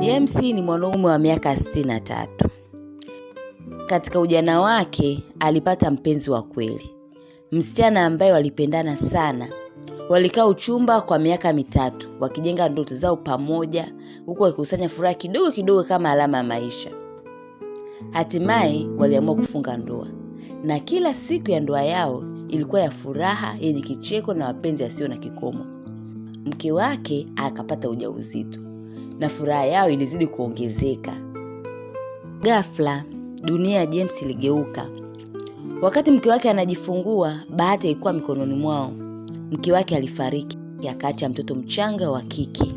James ni mwanaume wa miaka 63 tatu. Katika ujana wake alipata mpenzi wa kweli, msichana ambaye walipendana sana. Walikaa uchumba kwa miaka mitatu wakijenga ndoto zao pamoja, huku wakikusanya furaha kidogo kidogo kama alama ya maisha. Hatimaye waliamua kufunga ndoa, na kila siku ya ndoa yao ilikuwa ya furaha yenye kicheko na mapenzi yasiyo na kikomo mke wake akapata ujauzito na furaha yao ilizidi kuongezeka. Ghafla dunia ya James iligeuka. Wakati mke wake anajifungua, bahati ilikuwa mikononi mwao. Mke wake alifariki, akaacha mtoto mchanga wa kike.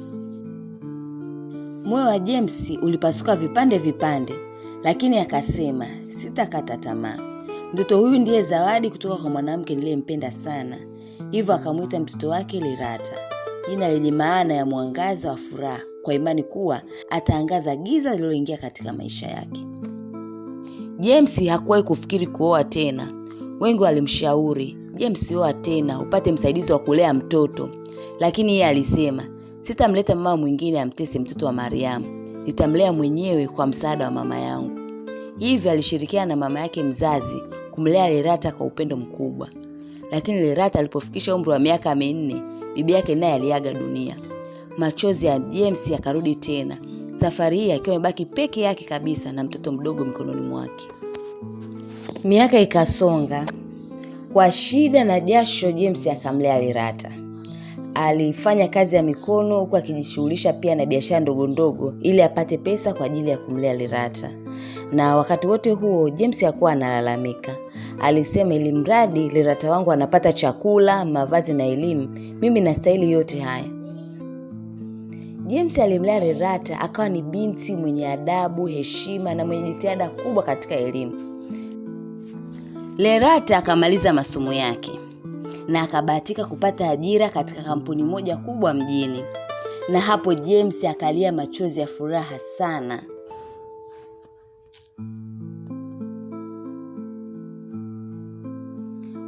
Moyo wa James ulipasuka vipande vipande, lakini akasema, sitakata tamaa. Mtoto huyu ndiye zawadi kutoka kwa mwanamke niliyempenda sana. Hivyo akamwita mtoto wake Lirata jina lenye maana ya mwangaza wa furaha, kwa imani kuwa ataangaza giza lililoingia katika maisha yake. James hakuwahi kufikiri kuoa tena. Wengi walimshauri James, oa tena upate msaidizi wa kulea mtoto, lakini yeye alisema, sitamleta mama mwingine amtese mtoto wa Mariamu, nitamlea mwenyewe kwa msaada wa mama yangu. Hivyo alishirikiana na mama yake mzazi kumlea Lerata kwa upendo mkubwa, lakini Lerata alipofikisha umri wa miaka minne Bibi yake naye aliaga dunia. Machozi ya James yakarudi tena, safari hii akiwa amebaki peke yake kabisa na mtoto mdogo mikononi mwake. Miaka ikasonga. Kwa shida na jasho, James akamlea Lirata. Alifanya kazi ya mikono huku akijishughulisha pia na biashara ndogo ndogo ili apate pesa kwa ajili ya kumlea Lirata, na wakati wote huo James hakuwa analalamika. Alisema ili mradi Lirata wangu anapata chakula, mavazi na elimu, mimi nastahili yote haya. James alimlea lerata akawa ni binti mwenye adabu, heshima na mwenye jitihada kubwa katika elimu. Lerata akamaliza masomo yake na akabahatika kupata ajira katika kampuni moja kubwa mjini, na hapo James akalia machozi ya furaha sana.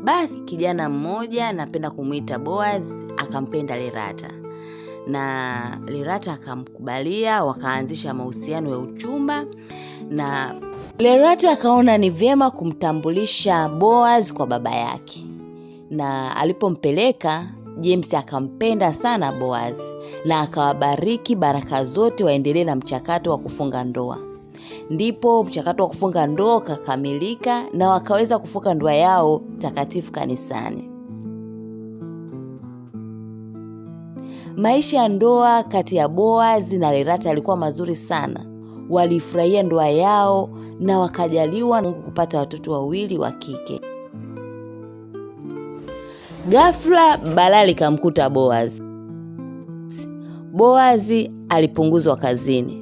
Basi kijana mmoja napenda kumwita Boaz akampenda Lerata na Lerata akamkubalia, wakaanzisha mahusiano ya uchumba na Lerata akaona ni vyema kumtambulisha Boaz kwa baba yake, na alipompeleka James akampenda sana Boaz na akawabariki baraka zote waendelee na mchakato wa kufunga ndoa ndipo mchakato wa kufunga ndoa ukakamilika na wakaweza kufunga ndoa yao takatifu kanisani. Maisha ya ndoa kati ya boaz na Lerata yalikuwa mazuri sana. Walifurahia ndoa yao na wakajaliwa Mungu kupata watoto wawili wa kike. Ghafla balaa likamkuta Boaz. Boazi alipunguzwa kazini.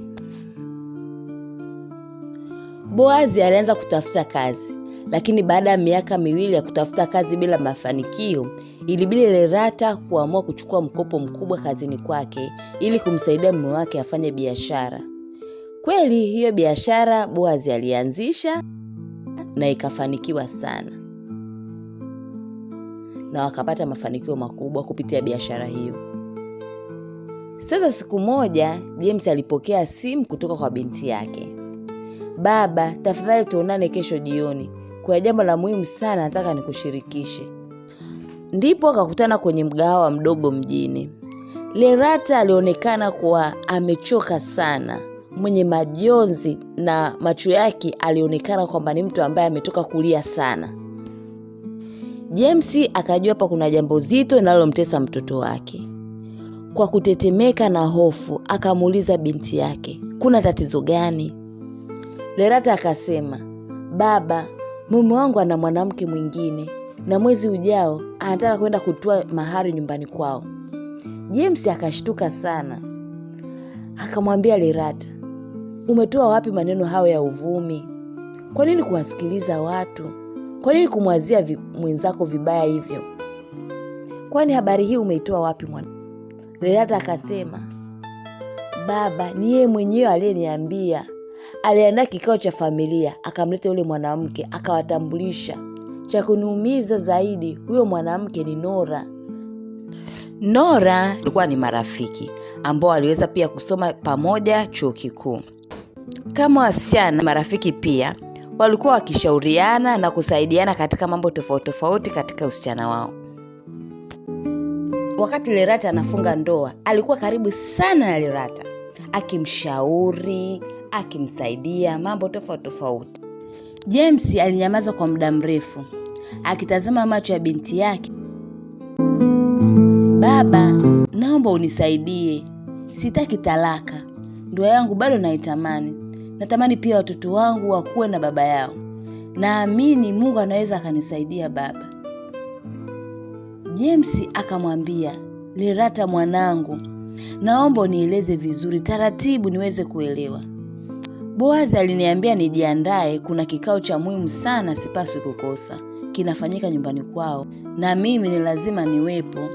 Boazi alianza kutafuta kazi, lakini baada ya miaka miwili ya kutafuta kazi bila mafanikio, ilibidi Lerata kuamua kuchukua mkopo mkubwa kazini kwake ili kumsaidia mume wake afanye biashara. Kweli hiyo biashara Boazi alianzisha na ikafanikiwa sana, na wakapata mafanikio makubwa kupitia biashara hiyo. Sasa siku moja James alipokea simu kutoka kwa binti yake. Baba, tafadhali tuonane kesho jioni, kuna jambo la muhimu sana nataka nikushirikishe. Ndipo akakutana kwenye mgahawa mdogo mjini. Lerata alionekana kuwa amechoka sana, mwenye majonzi na macho yake alionekana kwamba ni mtu ambaye ametoka kulia sana. jemsi akajua hapa kuna jambo zito linalomtesa mtoto wake. Kwa kutetemeka na hofu, akamuuliza binti yake, kuna tatizo gani? Lerata akasema, baba, mume wangu ana mwanamke mwingine na mwezi ujao anataka kwenda kutoa mahari nyumbani kwao. James akashtuka sana, akamwambia Lerata, umetoa wapi maneno hayo ya uvumi? Kwa nini kuwasikiliza watu? Kwa nini kumwazia vi, mwenzako vibaya hivyo? Kwani habari hii umeitoa wapi mwana? Lerata akasema, baba, ni yeye mwenyewe aliyeniambia aliandaa kikao cha familia, akamleta yule mwanamke akawatambulisha. Cha kuniumiza zaidi, huyo mwanamke ni Nora. Nora alikuwa ni marafiki ambao aliweza pia kusoma pamoja chuo kikuu. Kama wasichana marafiki pia walikuwa wakishauriana na kusaidiana katika mambo tofauti tofauti katika usichana wao. Wakati Lerata anafunga ndoa, alikuwa karibu sana na Lerata akimshauri akimsaidia mambo tofauti tofauti. James alinyamaza kwa muda mrefu akitazama macho ya binti yake. Baba, naomba unisaidie, sitaki talaka, ndoa yangu bado naitamani. Natamani pia watoto wangu wakuwe na baba yao. Naamini Mungu anaweza akanisaidia baba. James akamwambia, Lerata mwanangu, naomba unieleze vizuri taratibu niweze kuelewa. Boaz aliniambia nijiandae, kuna kikao cha muhimu sana, sipaswi kukosa, kinafanyika nyumbani kwao na mimi ni lazima niwepo.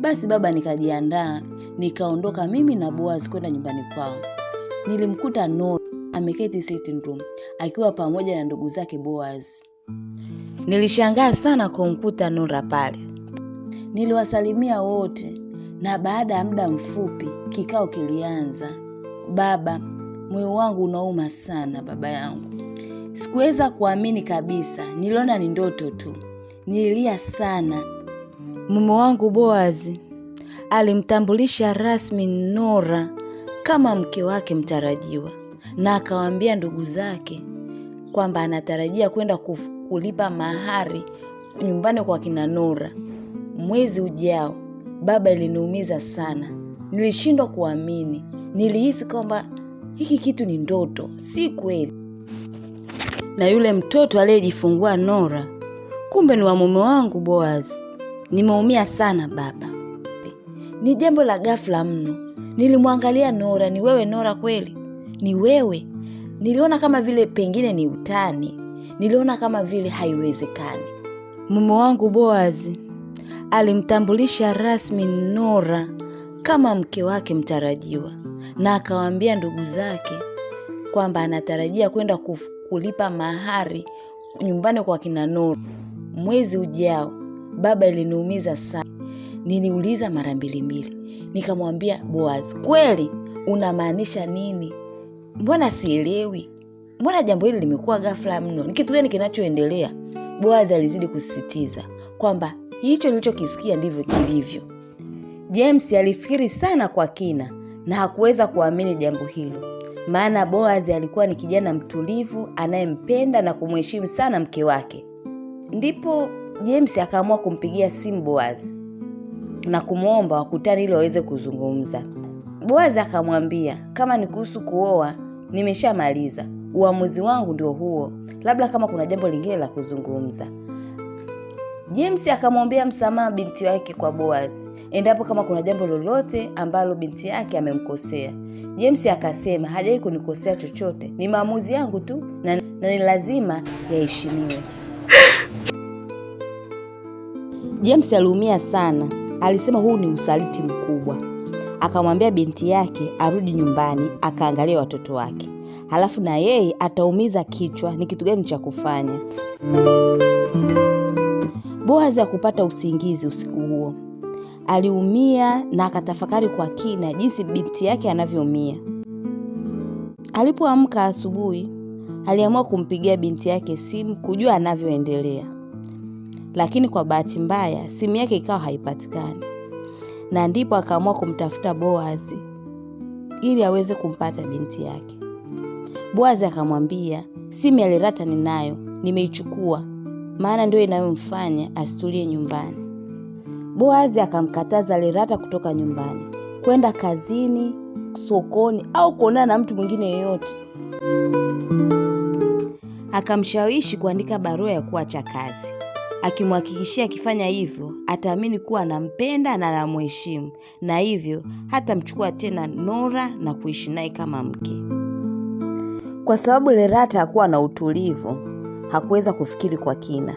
Basi baba nikajiandaa, nikaondoka mimi na Boaz kwenda nyumbani kwao. Nilimkuta Nora ameketi sitting room akiwa pamoja na ndugu zake Boaz. Nilishangaa sana kumkuta Nora pale. Niliwasalimia wote na baada ya muda mfupi kikao kilianza. Baba moyo wangu unauma sana baba yangu. Sikuweza kuamini kabisa, niliona ni ndoto tu. Nililia sana. Mume wangu Boazi alimtambulisha rasmi Nora kama mke wake mtarajiwa, na akawaambia ndugu zake kwamba anatarajia kwenda kulipa mahari nyumbani kwa kina Nora mwezi ujao. Baba, iliniumiza sana, nilishindwa kuamini, nilihisi kwamba hiki kitu ni ndoto, si kweli. Na yule mtoto aliyejifungua Nora kumbe ni wa mume wangu Boaz. Nimeumia sana baba, ni jambo la ghafla mno. Nilimwangalia Nora, ni wewe Nora? Kweli ni wewe. Niliona kama vile pengine ni utani, niliona kama vile haiwezekani. Mume wangu Boaz alimtambulisha rasmi Nora kama mke wake mtarajiwa na akawaambia ndugu zake kwamba anatarajia kwenda kulipa mahari nyumbani kwa kina noro mwezi ujao. Baba, iliniumiza sana, niliuliza mara mbili mbili, nikamwambia Boaz, kweli unamaanisha nini? Mbona sielewi, mbona jambo hili limekuwa ghafla mno, ni kitu gani kinachoendelea? Boaz alizidi kusisitiza kwamba hicho nilichokisikia ndivyo kilivyo. James alifikiri sana kwa kina na hakuweza kuamini jambo hilo, maana Boazi alikuwa ni kijana mtulivu anayempenda na kumuheshimu sana mke wake. Ndipo James akaamua kumpigia simu Boazi na kumwomba wakutani ili waweze kuzungumza. Boazi akamwambia, kama ni kuhusu kuoa nimeshamaliza, uamuzi wangu ndio huo, labda kama kuna jambo lingine la kuzungumza. James akamwombea msamaha binti wake kwa Boaz endapo kama kuna jambo lolote ambalo binti yake amemkosea. James akasema hajawahi kunikosea chochote, ni maamuzi yangu tu na, na ni lazima yaheshimiwe. James aliumia sana, alisema huu ni usaliti mkubwa. Akamwambia binti yake arudi nyumbani akaangalia watoto wake, halafu na yeye ataumiza kichwa ni kitu gani cha kufanya. Boaz hakupata usingizi usiku huo. Aliumia na akatafakari kwa kina jinsi binti yake anavyoumia. Alipoamka asubuhi, aliamua kumpigia binti yake simu kujua anavyoendelea, lakini kwa bahati mbaya simu yake ikawa haipatikani, na ndipo akaamua kumtafuta Boazi ili aweze kumpata binti yake. Boazi akamwambia, simu ya Lerata ninayo, nimeichukua maana ndio inayomfanya asitulie nyumbani. Boazi akamkataza Lerata kutoka nyumbani, kwenda kazini, sokoni au kuonana na mtu mwingine yeyote. Akamshawishi kuandika barua ya kuacha kazi, akimhakikishia akifanya hivyo ataamini kuwa anampenda na anamuheshimu na hivyo hatamchukua tena Nora na kuishi naye kama mke. Kwa sababu Lerata hakuwa na utulivu, hakuweza kufikiri kwa kina.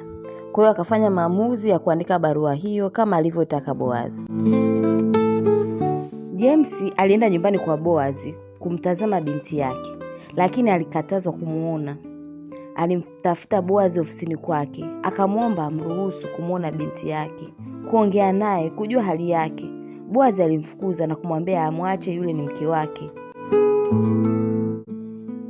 Kwa hiyo akafanya maamuzi ya kuandika barua hiyo kama alivyotaka Boaz. James alienda nyumbani kwa Boaz kumtazama binti yake, lakini alikatazwa kumwona. Alimtafuta Boaz ofisini kwake, akamwomba amruhusu kumwona binti yake, kuongea naye, kujua hali yake. Boaz alimfukuza na kumwambia amwache, yule ni mke wake.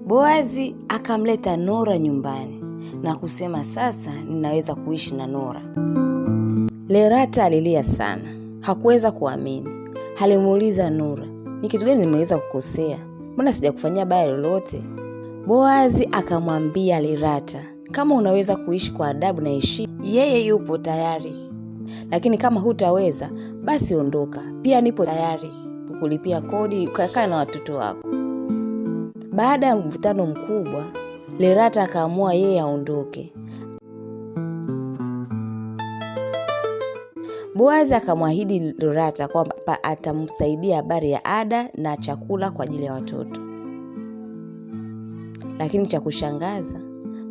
Boazi akamleta Nora nyumbani na kusema sasa ninaweza kuishi na Nora. Lerata alilia sana, hakuweza kuamini. Alimuuliza nora ni kitu gani nimeweza kukosea? Mbona sijakufanyia baya lolote? Boazi akamwambia Lerata, kama unaweza kuishi kwa adabu na heshima, yeye yupo tayari, lakini kama hutaweza basi ondoka. Pia nipo tayari kukulipia kodi ukakaa na watoto wako. Baada ya mvutano mkubwa Lerata akaamua yeye aondoke. Boazi akamwahidi Lerata kwamba atamsaidia habari ya ada na chakula kwa ajili ya watoto. Lakini cha kushangaza,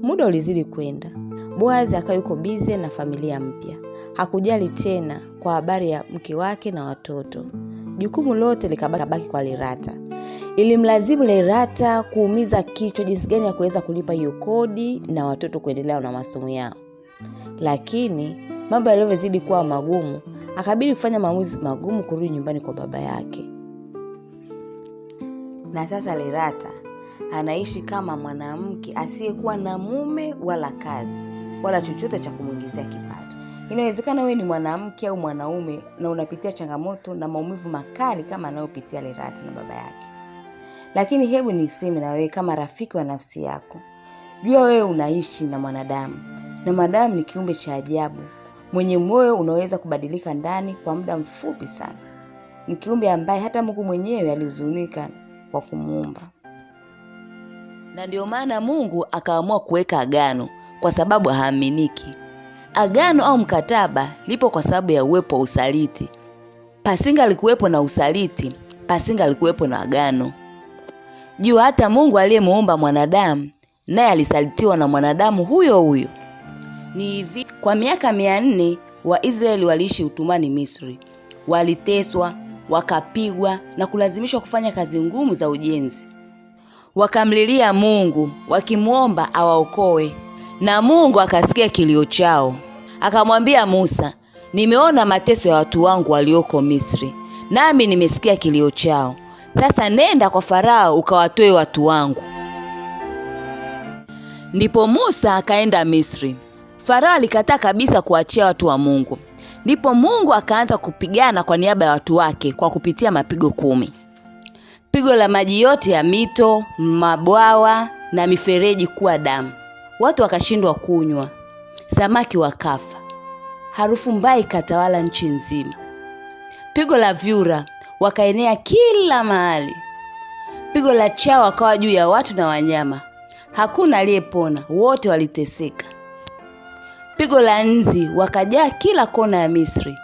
muda ulizidi kwenda. Boazi akawa yuko bize na familia mpya, hakujali tena kwa habari ya mke wake na watoto. Jukumu lote likabaki kwa Lerata ilimlazimu Lerata kuumiza kichwa jinsi gani ya kuweza kulipa hiyo kodi na watoto kuendelea na masomo yao. Lakini mambo yalivyozidi kuwa magumu, akabidi kufanya maamuzi magumu kurudi nyumbani kwa baba yake. Na sasa Lerata anaishi kama mwanamke asiyekuwa na mume wala kazi wala chochote cha kumwingizia kipato. Inawezekana wewe ni mwanamke au mwanaume na unapitia changamoto na maumivu makali kama anayopitia Lerata na baba yake lakini hebu niseme na wewe kama rafiki wa nafsi yako, jua wewe unaishi na mwanadamu, na mwanadamu ni kiumbe cha ajabu mwenye moyo unaweza kubadilika ndani kwa muda mfupi sana. Ni kiumbe ambaye hata Mungu mwenyewe alihuzunika kwa kumuumba, na ndio maana Mungu akaamua kuweka agano, kwa sababu haaminiki. Agano au mkataba lipo kwa sababu ya uwepo wa usaliti. Pasinga alikuwepo na usaliti, pasinga alikuwepo na agano. Jua hata Mungu aliyemuumba mwanadamu naye alisalitiwa na mwanadamu huyo huyo. Ni hivi, kwa miaka mia nne Waisraeli waliishi utumani Misri, waliteswa, wakapigwa na kulazimishwa kufanya kazi ngumu za ujenzi. Wakamlilia Mungu wakimwomba awaokoe, na Mungu akasikia kilio chao. Akamwambia Musa, nimeona mateso ya watu wangu walioko Misri, nami nimesikia kilio chao sasa nenda kwa Farao ukawatoe watu wangu. Ndipo Musa akaenda Misri. Farao alikataa kabisa kuachia watu wa Mungu. Ndipo Mungu akaanza kupigana kwa niaba ya watu wake kwa kupitia mapigo kumi. Pigo la maji yote ya mito, mabwawa na mifereji kuwa damu. Watu wakashindwa kunywa, samaki wakafa, harufu mbaya ikatawala nchi nzima. Pigo la vyura, wakaenea kila mahali. Pigo la chawa wakawa juu ya watu na wanyama, hakuna aliyepona, wote waliteseka. Pigo la nzi wakajaa kila kona ya Misri,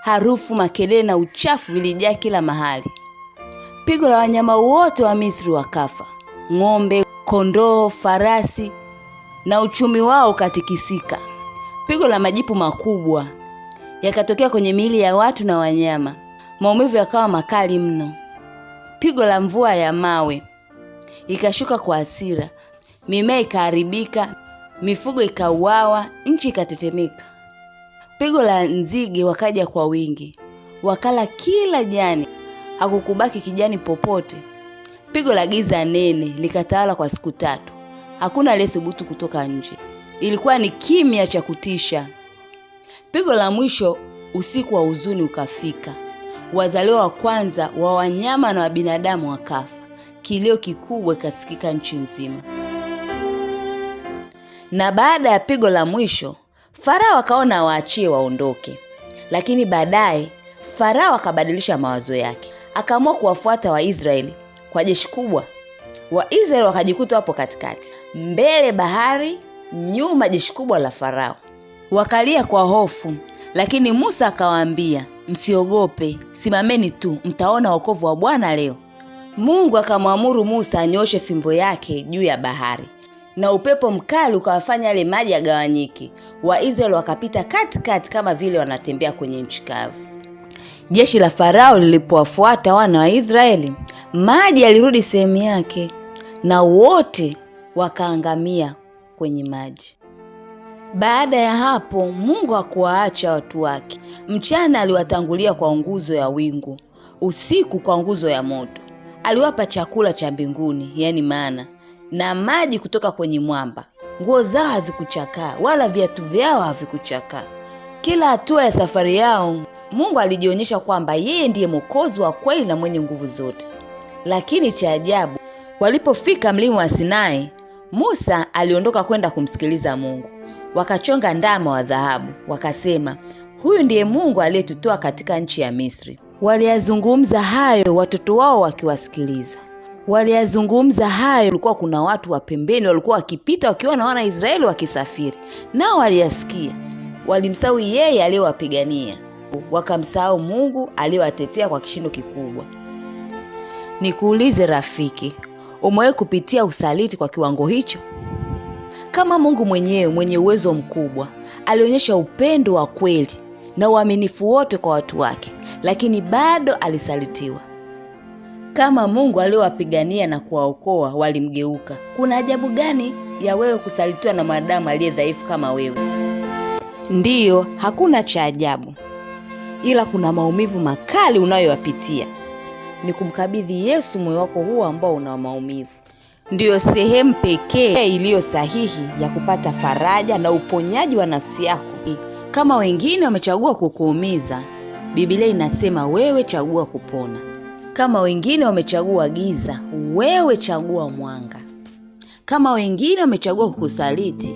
harufu, makelele na uchafu vilijaa kila mahali. Pigo la wanyama wote wa Misri wakafa, ng'ombe, kondoo, farasi, na uchumi wao ukatikisika. Pigo la majipu makubwa yakatokea kwenye miili ya watu na wanyama. Maumivu yakawa makali mno. Pigo la mvua ya mawe ikashuka kwa hasira, mimea ikaharibika, mifugo ikauawa, nchi ikatetemeka. Pigo la nzige wakaja kwa wingi, wakala kila jani, hakukubaki kijani popote. Pigo la giza nene likatawala kwa siku tatu, hakuna aliyethubutu kutoka nje. Ilikuwa ni kimya cha kutisha. Pigo la mwisho usiku wa huzuni ukafika wazaliwa wa kwanza wa wanyama na wa binadamu wakafa. Kilio kikubwa ikasikika nchi nzima. Na baada ya pigo la mwisho, Farao akaona waachie waondoke, lakini baadaye Farao akabadilisha mawazo yake, akaamua kuwafuata Waisraeli kwa jeshi kubwa. Waisraeli wakajikuta wapo katikati, mbele bahari, nyuma jeshi kubwa la Farao. Wakalia kwa hofu, lakini Musa akawaambia Msiogope, simameni tu, mtaona wokovu wa Bwana leo. Mungu akamwamuru Musa anyoshe fimbo yake juu ya bahari, na upepo mkali ukawafanya yale maji yagawanyike. Waisraeli wakapita katikati kama vile wanatembea kwenye nchi kavu. Jeshi la Farao lilipowafuata wana wa Israeli, maji yalirudi sehemu yake, na wote wakaangamia kwenye maji. Baada ya hapo Mungu hakuwaacha watu wake. Mchana aliwatangulia kwa nguzo ya wingu, usiku kwa nguzo ya moto. Aliwapa chakula cha mbinguni, yani mana na maji kutoka kwenye mwamba. Nguo zao hazikuchakaa wala viatu vyao havikuchakaa. Kila hatua ya safari yao Mungu alijionyesha kwamba yeye ndiye Mwokozi wa kweli na mwenye nguvu zote. Lakini cha ajabu, walipofika mlima wa Sinai, Musa aliondoka kwenda kumsikiliza Mungu wakachonga ndama wa dhahabu, wakasema, huyu ndiye Mungu aliyetutoa katika nchi ya Misri. Waliyazungumza hayo watoto wao wakiwasikiliza. Waliyazungumza hayo, kulikuwa kuna watu wa pembeni walikuwa wakipita wakiona wana Israeli wakisafiri, nao waliyasikia. Walimsahau yeye aliyowapigania, wakamsahau Mungu aliyewatetea kwa kishindo kikubwa. Nikuulize rafiki, umewahi kupitia usaliti kwa kiwango hicho? Kama Mungu mwenyewe mwenye uwezo mkubwa alionyesha upendo wa kweli na uaminifu wote kwa watu wake, lakini bado alisalitiwa. Kama Mungu aliowapigania na kuwaokoa walimgeuka, kuna ajabu gani ya wewe kusalitiwa na mwanadamu aliye dhaifu kama wewe? Ndiyo, hakuna cha ajabu, ila kuna maumivu makali unayoyapitia. Ni kumkabidhi Yesu moyo wako huo ambao una maumivu ndiyo sehemu pekee iliyo sahihi ya kupata faraja na uponyaji wa nafsi yako. Kama wengine wamechagua kukuumiza, Biblia inasema wewe chagua kupona. Kama wengine wamechagua giza, wewe chagua mwanga. Kama wengine wamechagua kukusaliti,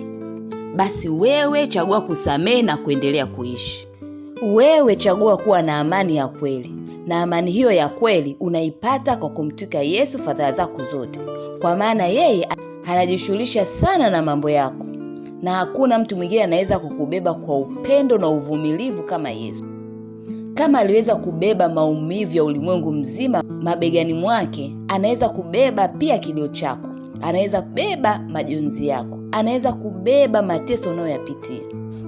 basi wewe chagua kusamehe na kuendelea kuishi. Wewe chagua kuwa na amani ya kweli, na amani hiyo ya kweli unaipata kwa kumtwika Yesu fadhaa zako zote, kwa maana yeye anajishughulisha sana na mambo yako, na hakuna mtu mwingine anaweza kukubeba kwa upendo na uvumilivu kama Yesu. Kama aliweza kubeba maumivu ya ulimwengu mzima mabegani mwake, anaweza kubeba pia kilio chako, anaweza kubeba majonzi yako, anaweza kubeba mateso unayoyapitia.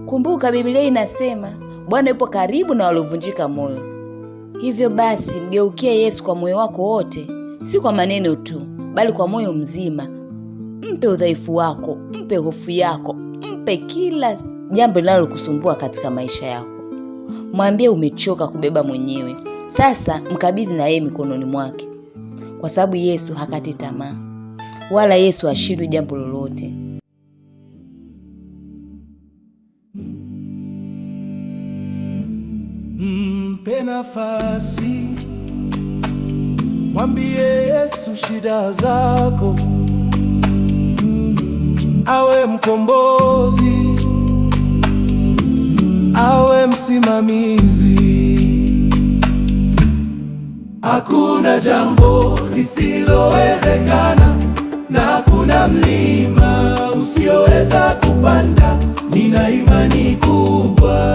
Kumbuka Biblia inasema Bwana yupo karibu na waliovunjika moyo. Hivyo basi, mgeukie Yesu kwa moyo wako wote, si kwa maneno tu, bali kwa moyo mzima. Mpe udhaifu wako, mpe hofu yako, mpe kila jambo linalokusumbua katika maisha yako. Mwambie umechoka kubeba mwenyewe, sasa mkabidhi na yeye mikononi mwake, kwa sababu Yesu hakati tamaa, wala Yesu hashindwi jambo lolote. mpe nafasi, mwambie Yesu shida zako, awe mkombozi, awe msimamizi. Hakuna jambo lisilowezekana na hakuna mlima usioweza kupanda. Nina imani kubwa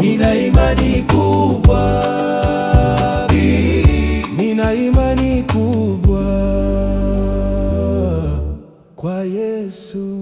Nina imani kubwa, nina imani kubwa kwa Yesu.